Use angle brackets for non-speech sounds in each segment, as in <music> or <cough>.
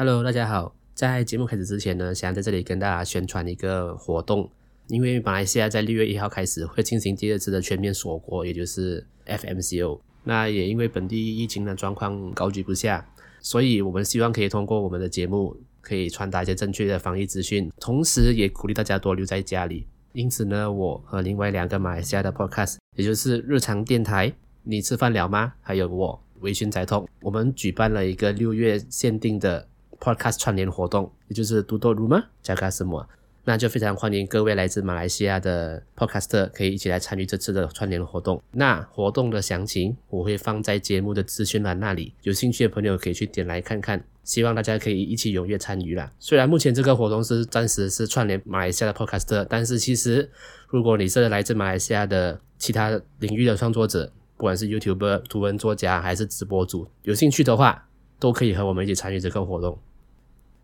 Hello，大家好。在節目開始之前呢，想要在這裡跟大家宣傳一個活動，因為馬來西亞在六月一號開始會進行第二次的全面鎖國，也就是 FMCO。那也因為本地疫情的狀況高居不下，所以我們希望可以通過我們的節目可以傳達一些正確的防疫資訊，同時也鼓勵大家多留在家裡。因此呢，我和另外兩個馬來西亞的 Podcast，也就是日常電台“你吃飯了嗎”還有我“微醺宅 Talk”，我們舉辦了一個六月限定的。podcast 串聯活動，也就是 Duduk Rumah Jaga Semua，那就非常歡迎各位來自馬來西亞的 podcaster 可以一起來參與這次的串聯活動。那活動的詳情我會放在節目的資訊欄那裡，有興趣的朋友可以去點來看看。希望大家可以一起踴躍參與啦！雖然目前這個活動是暫時是串聯馬來西亞的 podcaster，但是其實如果你是來自馬來西亞的其他領域的創作者，不管是 YouTuber、圖文作家還是直播主，有興趣的話。都可以和我們一起參與這個活動，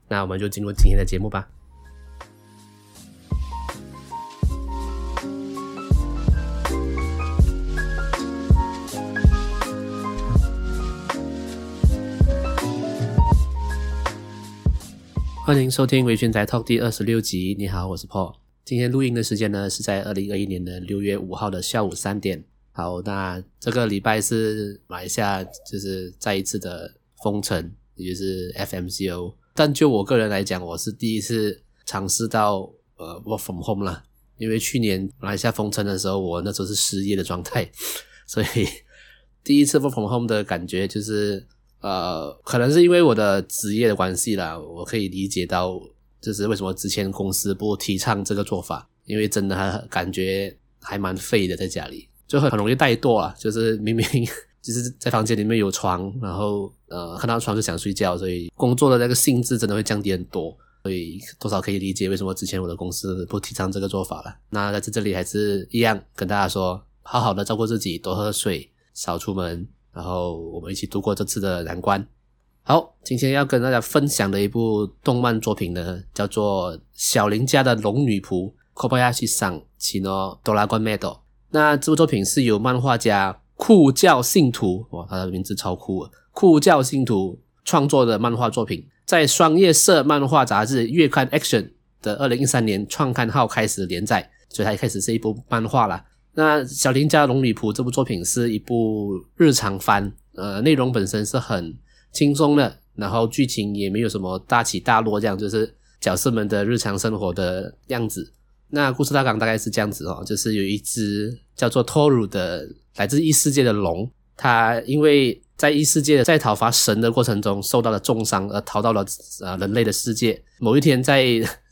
那我們就進入今天的節目吧。歡迎收聽《微醺宅 Talk》第二十六集。你好，我是 Paul。今天錄音的時間呢是在二零二一年的六月五號的下午三點。好，那這個禮拜是馬來西亞，就是再一次的。封城也就是 FMCO，但就我個人來講，我是第一次嘗試到呃 work from home 啦，因為去年馬來西亞封城的時候，我那時候是失業的狀態，所以第一次 work from home 的感覺就是呃，可能是因為我的職業的關係啦，我可以理解到就是為什麼之前公司不提倡這個做法，因為真的感覺還蠻廢的，在家裡就很容易怠惰啊，就是明明。 <laughs> 就是在房間裡面有床，然後呃看到床就想睡覺，所以工作的那個性質真的會降低很多，所以多少可以理解為什麼之前我的公司不提倡這個做法了。那在這裡還是一樣跟大家說，好好的照顧自己，多喝水，少出門，然後我們一起度過這次的難關。好，今天要跟大家分享的一部動漫作品呢，叫做《小林家的龍女僕》。Kobayashi-san Chi no Maid Dragon。那這部作品是由漫畫家酷教信徒哇，他的名字超酷啊！酷教信徒創作的漫畫作品，在雙葉社漫畫雜誌月刊《Action》的二零一三年創刊號開始連載，所以他一開始是一部漫畫啦。那《小林家龍女僕》這部作品是一部日常番，呃，內容本身是很輕鬆的，然後劇情也沒有什麼大起大落這樣，就是角色們的日常生活的樣子。那故事大綱大概是這樣子哦，就是有一隻叫做托魯的來自異世界的龍，他因為在異世界的在討伐神的過程中受到了重傷，而逃到了呃人類的世界。某一天在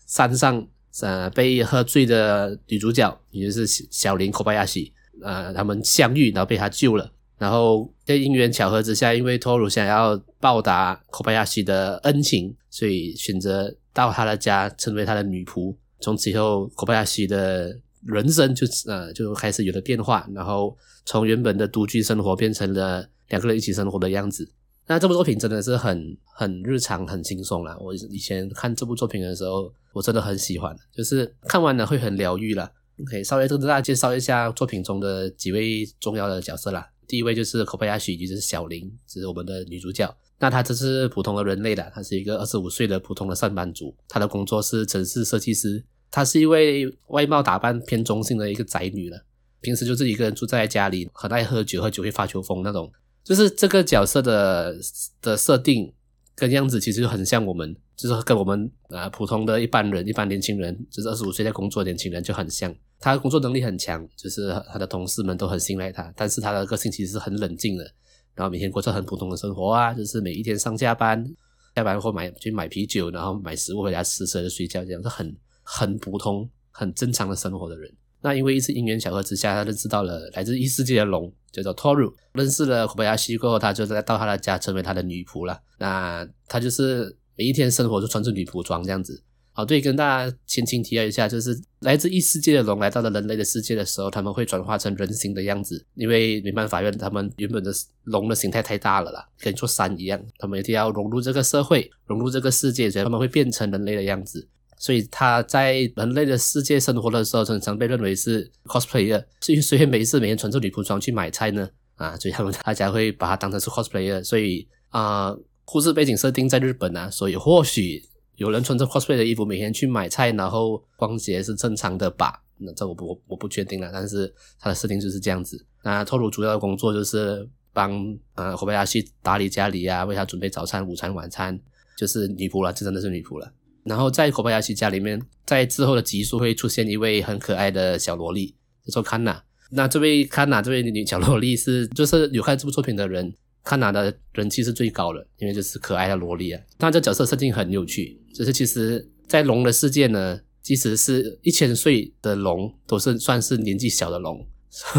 山上，呃，被喝醉的女主角也就是小林科巴亞西，呃，他們相遇，然後被他救了。然後在因緣巧合之下，因為托魯想要報答科巴亞西的恩情，所以選擇到他的家成為他的女僕。從此以後，Kobayashi 的人生就呃就開始有了變化。然後從原本的獨居生活變成了兩個人一起生活的樣子。那這部作品真的是很很日常、很輕鬆啦。我以前看這部作品的時候，我真的很喜歡，就是看完了會很療癒啦。OK，稍微跟大家介紹一下作品中的幾位重要的角色啦。第一位就是 Kobayashi，也就是小林，這、就是我們的女主角。那她只是普通的人類啦，她是一個二十五歲的普通的上班族。她的工作是程式設計師。她是一位外貌打扮偏中性的一個宅女了，平時就自己一個人住在家裡，很愛喝酒，喝酒會發酒瘋那種。就是這個角色的的設定跟樣子其實就很像我們，就是跟我們呃普通的一般人、一般年輕人，就是二十五歲在工作的年輕人就很像。他工作能力很強，就是他的同事們都很信賴他，但是他的個性其實是很冷靜的。然後每天過着很普通的生活啊，就是每一天上下班，下班後買去買啤酒，然後買食物回家吃吃就睡覺，這樣就很，很普通、很正常的生活的人，那因為一次因緣巧合之下，他認識到了來自異世界的龍，叫做托魯。認識了 Kobayashi 過後，他就來到他的家，成為他的女僕了。那他就是每一天生活就穿着女僕裝這樣子。好，對，跟大家輕輕提了一下，就是來自異世界的龍來到了人類的世界的時候，他們會轉化成人形的樣子，因為沒辦法，因為他們原本的龍的形態太大了啦，跟一座山一樣。他們一定要融入這個社會，融入這個世界，所以他們會變成人類的樣子。所以他在人類的世界生活的時候，常常被認為是 cosplayer，所以所以每一次每天穿着女僕裝去買菜呢，啊，所以他們大家會把它當成是 cosplayer。所以啊，故、呃、事背景設定在日本啊，所以或許有人穿着 cosplay 的衣服每天去買菜，然後逛街是正常的吧？那這我不我，我不確定了，但是他的設定就是這樣子。那托爾主要的工作就是幫呃夥伴去打理家裡啊，為他準備早餐、午餐、晚餐，就是女僕了、啊，這真的是女僕了、啊。然後在 Kobayashi 家裡面，在之後的集數會出現一位很可愛的小蘿莉，叫做 Kanna。那這位 Kanna 這位女小蘿莉是，就是有看這部作品的人，Kanna 的人氣是最高的，因為就是可愛的蘿莉啊。那這角色設定很有趣，就是其實，在龍的世界呢，即使是一千歲的龍都是算是年紀小的龍，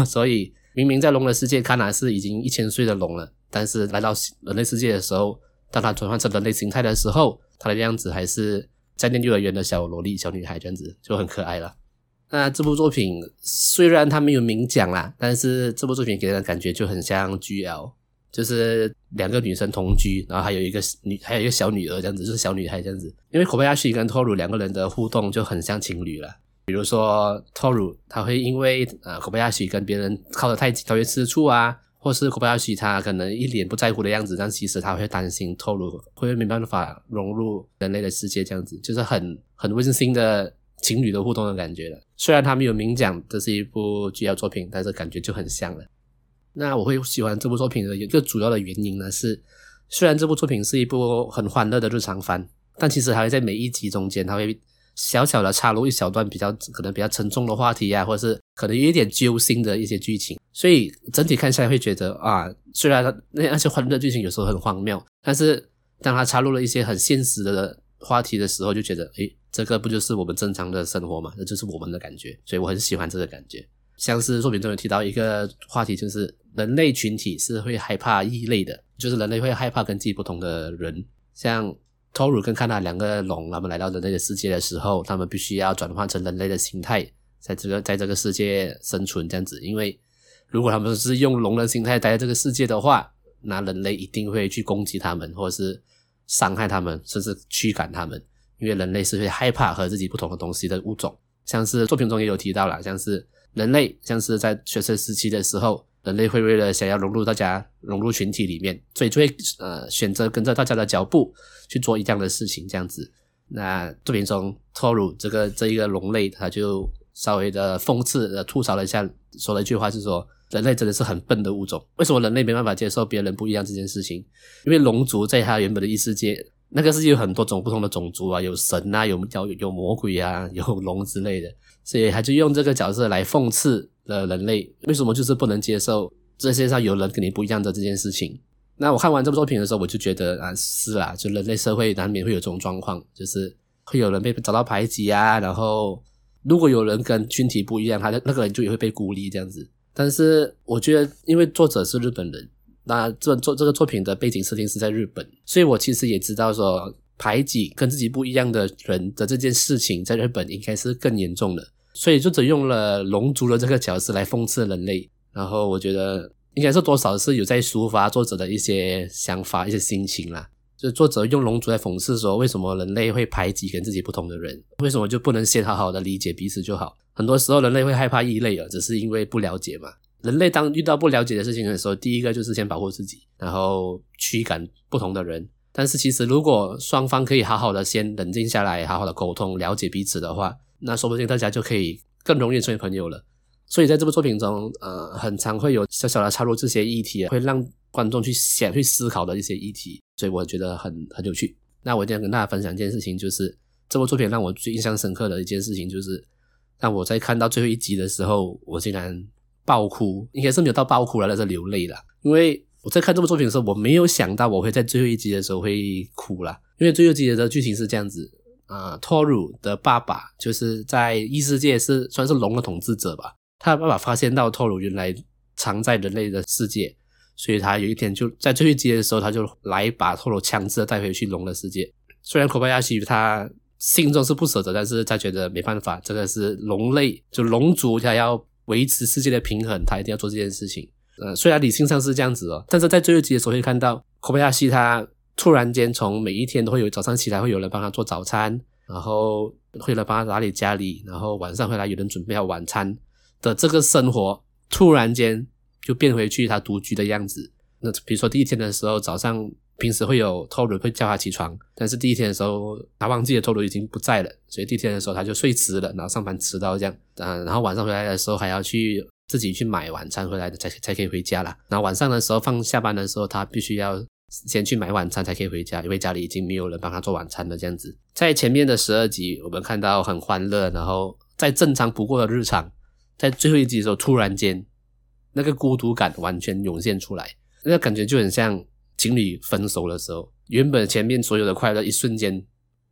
所以明明在龍的世界，Kanna 是已經一千歲的龍了，但是來到人類世界的時候，當它轉換成人類形態的時候，它的樣子還是。三念幼兒園的小蘿莉、小女孩，這樣子就很可愛了。那這部作品雖然他沒有明講啦，但是這部作品給人的感覺就很像 GL，就是兩個女生同居，然後還有一個女，還有一個小女兒這樣子，就是小女孩這樣子。因為可 s 亞 i 跟托魯兩個人的互動就很像情侶了，比如說托魯他會因為呃可 s 亞 i 跟別人靠得太近，特別吃醋啊。或是 Kobayashi，他可能一臉不在乎的樣子，但其實他會擔心透露，會沒辦法融入人類的世界，這樣子就是很很溫馨的情侶的互動的感覺了。雖然他沒有明講這是一部 GL 作品，但是感覺就很像了。那我會喜歡這部作品的一個主要的原因呢是，雖然這部作品是一部很歡樂的日常番，但其實它會在每一集中間，它會。小小的插入一小段比較可能比較沉重的話題啊，或者是可能有一點揪心的一些劇情，所以整體看下來會覺得啊，雖然他那那些歡樂劇情有時候很荒謬，但是當他插入了一些很現實的話題的時候，就覺得哎，這個不就是我們正常的生活嗎？這就是我們的感覺，所以我很喜歡這個感覺。像是作品中有提到一個話題，就是人類群體是會害怕異類的，就是人類會害怕跟自己不同的人，像。托魯跟康娜兩個龍，他們來到人類的世界的時候，他們必須要轉換成人類的形態，在這個在這個世界生存這樣子。因為如果他們是用龍人形態待在這個世界的話，那人類一定會去攻擊他們，或者是傷害他們，甚至驅趕他們。因為人類是會害怕和自己不同的東西的物種。像是作品中也有提到了，像是人類，像是在學生時期的時候。人類會為了想要融入大家，融入群體裡面，所以就會呃選擇跟着大家的腳步去做一樣的事情。這樣子，那作品中托魯這個這一個龍類，他就稍微的諷刺、吐槽了一下，說了一句話，是說人類真的是很笨的物種。為什麼人類沒辦法接受別人不一樣這件事情？因為龍族在他原本的異世界，那個世界有很多種不同的種族啊，有神啊，有有魔鬼啊，有龍之類的，所以他就用這個角色來諷刺。的人類為什麼就是不能接受世界上有人跟你不一樣的這件事情？那我看完這部作品的時候，我就覺得啊，是啊，就人類社會難免會有這種狀況，就是會有人被遭到排擠啊。然後，如果有人跟群體不一樣，他的那個人就也會被孤立這樣子。但是，我覺得因為作者是日本人，那這作這個作品的背景設定是在日本，所以我其實也知道說排擠跟自己不一樣的人的這件事情，在日本應該是更嚴重的。所以作者用了龍族的這個角色來諷刺人類，然後我覺得應該是多少是有在抒發作者的一些想法、一些心情啦。就作者用龍族來諷刺說，為什麼人類會排擠跟自己不同的人？為什麼就不能先好好的理解彼此就好？很多時候人類會害怕異類啊、哦，只是因為不了解嘛。人類當遇到不了解的事情的時候，第一個就是先保護自己，然後驅趕不同的人。但是其實如果雙方可以好好的先冷靜下來，好好的溝通、了解彼此的話。那說不定大家就可以更容易成為朋友了。所以在這部作品中，呃，很常會有小小的插入這些議題、啊，會讓觀眾去想、去思考的一些議題。所以我覺得很很有趣。那我今天跟大家分享一件事情，就是這部作品讓我最印象深刻的一件事情，就是我在看到最後一集的時候，我竟然爆哭，應該是沒有到爆哭了，那是流淚了。因為我在看這部作品的時候，我沒有想到我會在最後一集的時候會哭了。因為最後一集的劇情是這樣子。啊，托魯的爸爸就是在異世界是算是龍的統治者吧。他的爸爸發現到托魯原來藏在人類的世界，所以他有一天就在最後一集的時候，他就來把托魯強制的帶回去龍的世界。雖然科巴亞西他心中是不捨得，但是他覺得沒辦法，這個是龍類就龍族，他要維持世界的平衡，他一定要做這件事情。呃，雖然理性上是這樣子哦，但是在最後一集的時候可以看到科巴亞西他。突然間，從每一天都會有早上起來會有人幫他做早餐，然後會有人幫他打理家裡，然後晚上回來有人準備好晚餐的這個生活，突然間就變回去他獨居的樣子。那比如說第一天的時候，早上平時會有托爾會叫他起床，但是第一天的時候他忘記了托爾已經不在了，所以第一天的時候他就睡遲了，然後上班遲到這樣。啊、呃，然後晚上回來的時候還要去自己去買晚餐回來的才才可以回家了。然後晚上的時候放下班的時候，他必須要，先去買晚餐才可以回家，因為家裡已經沒有人幫他做晚餐了。這樣子，在前面的十二集，我們看到很歡樂，然後再正常不過的日常。在最後一集的時候，突然間，那個孤獨感完全湧現出來，那個感覺就很像情侶分手的時候，原本前面所有的快樂，一瞬間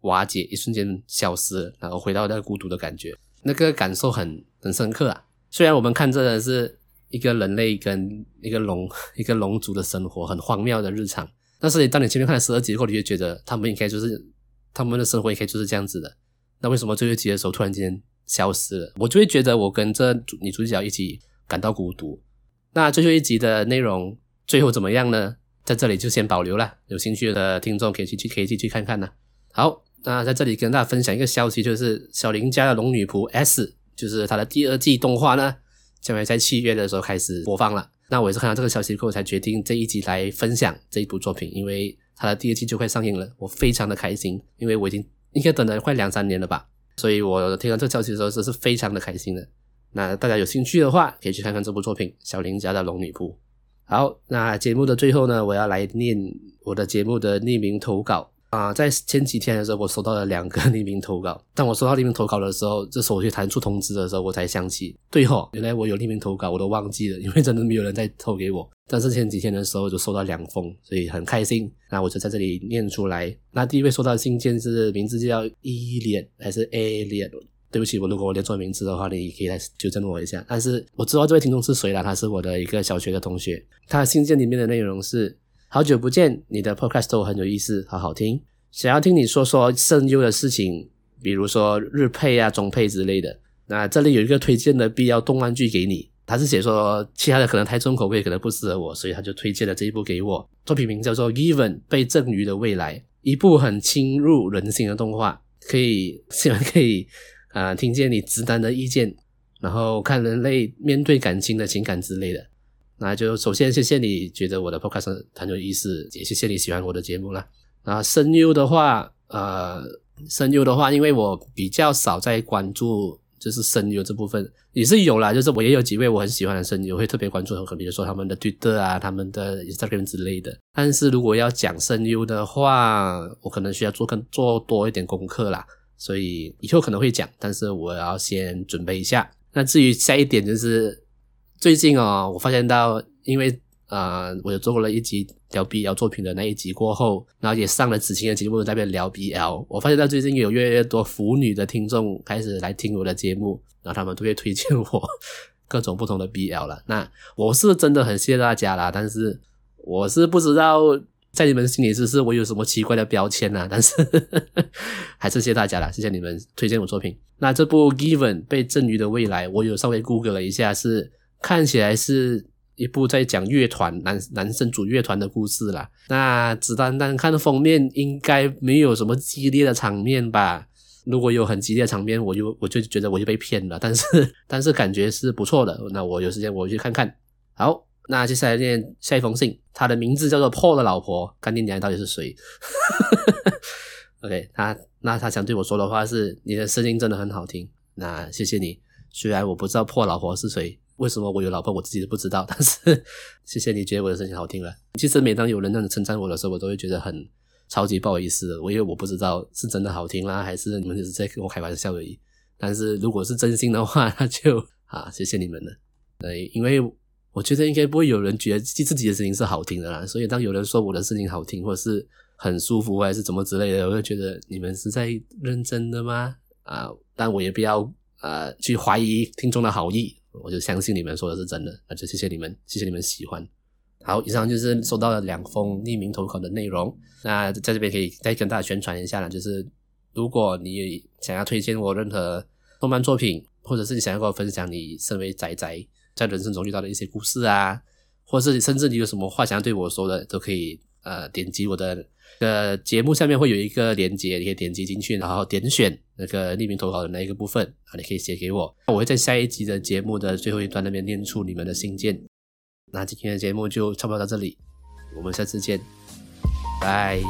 瓦解，一瞬間消失了，然後回到那個孤獨的感覺，那個感受很很深刻啊。雖然我們看這的是。一個人類跟一個龍、一個龍族的生活，很荒謬的日常，但是當你前面看了十二集之後，你就覺得他們應該就是他們的生活也可以就是這樣子的。那為什麼最後一集的時候突然間消失了？我就會覺得我跟這主女主角一起感到孤獨。那最後一集的內容最後怎麼樣呢？在這裡就先保留了，有興趣的聽眾可以去可以去去看看呢。好，那在這裡跟大家分享一個消息，就是小林家的龍女僕 S，就是他的第二季動畫呢，將會在七月的時候開始播放了。那我也是看到這個消息，以後我才決定這一集來分享這一部作品，因為它的第二季就快上映了，我非常的開心，因為我已經應該等了快兩三年了吧。所以我聽到這個消息的時候，真是非常的開心的。那大家有興趣的話，可以去看看這部作品《小林家的龍女僕》。好，那節目的最後呢，我要來念我的節目的匿名投稿。啊，在前幾天的時候，我收到了兩個匿名投稿。當我收到匿名投稿的時候，這時候我去彈出通知的時候，我才想起，對吼、哦，原來我有匿名投稿，我都忘記了，因為真的沒有人再投給我。但是前幾天的時候我就收到兩封，所以很開心。那我就在這裡念出來。那第一位收到的信件是名字叫依、e、臉還是 a 臉？對不起，我如果我念錯名字的話，你可以來糾正我一下。但是我知道這位聽眾是誰了，他是我的一個小學的同學。他信件裡面的內容是。好久不見，你的 podcast 都很有意思，好好聽。想要聽你說說聲優的事情，比如說日配啊、中配之類的。那這裡有一個推薦的必要動漫劇給你，他是寫說其他的可能太重口味，可能不適合我，所以他就推薦了這一部給我。作品名叫做《Given 被贈予的未來》，一部很侵入人心的動畫。可以，希望，可以啊、呃，聽見你直男的意見，然後看人類面對感情的情感之類的。那就首先，謝謝你覺得我的 podcast 很有意思，也謝謝你喜歡我的節目啦。那聲優的話，呃，聲優的話，因為我比較少在關注，就是聲優這部分也是有啦。就是我也有幾位我很喜歡的聲優，我會特別關注，比如說他們的 Twitter 啊，他們的 Instagram 之類的。但是如果要講聲優的話，我可能需要做更做多一點功課啦。所以以後可能會講，但是我要先準備一下。那至於下一點就是。最近哦，我發現到，因為呃，我有做過了一集聊 BL 作品的那一集過後，然後也上了紫晴的節目，在那邊聊 BL。我發現到最近有越來越多腐女的聽眾開始來聽我的節目，然後他們都會推薦我各種不同的 BL 了。那我是真的很謝謝大家啦，但是我是不知道在你們心裡是不是我有什麼奇怪的標籤啊，但是 <laughs> 還是謝謝大家啦，謝謝你們推薦我作品。那這部 Given 被贈予的未來，我有稍微 Google 了一下是。看起來是一部在講樂團男男生組樂團的故事啦，那只單單看封面，應該沒有什麼激烈的場面吧？如果有很激烈的場面，我就我就覺得我就被騙了。但是但是感覺是不錯的。那我有時間我去看看。好，那接下來念下一封信，他的名字叫做破的老婆，幹你娘到底是誰 <laughs> ？OK，哈哈哈。他那他想對我說的話是：你的聲音真的很好聽。那謝謝你。雖然我不知道破老婆是誰。為什麼我有老婆，我自己都不知道。但是謝謝你覺得我的聲音好聽了。其實每當有人那樣稱讚我的時候，我都會覺得很超級不好意思的。我因為我不知道是真的好聽啦，還是你們只是在跟我開玩笑而已。但是如果是真心的話，那就啊，謝謝你們了。呃，因為我覺得應該不會有人覺得自己的聲音是好聽的啦。所以當有人說我的聲音好聽，或者是很舒服，還是怎麼之類的，我會覺得你們是在認真的嗎？啊，但我也不要呃，啊，去懷疑聽眾的好意。我就相信你們說的是真的，那就謝謝你們，謝謝你們喜歡。好，以上就是收到了兩封匿名投稿的內容。那在這邊可以再跟大家宣傳一下呢，就是如果你想要推薦我任何動漫作品，或者是你想要跟我分享你身為宅宅在人生中遇到的一些故事啊，或者是甚至你有什麼話想要對我說的，都可以。呃，點擊我的呃、這個、節目下面會有一個鏈接，你可以點擊進去，然後點選那個匿名投稿的那一個部分啊，你可以寫給我，我會在下一集的節目的最後一段那邊念出你們的信件。那今天的節目就差不多到這裡，我們下次見，拜。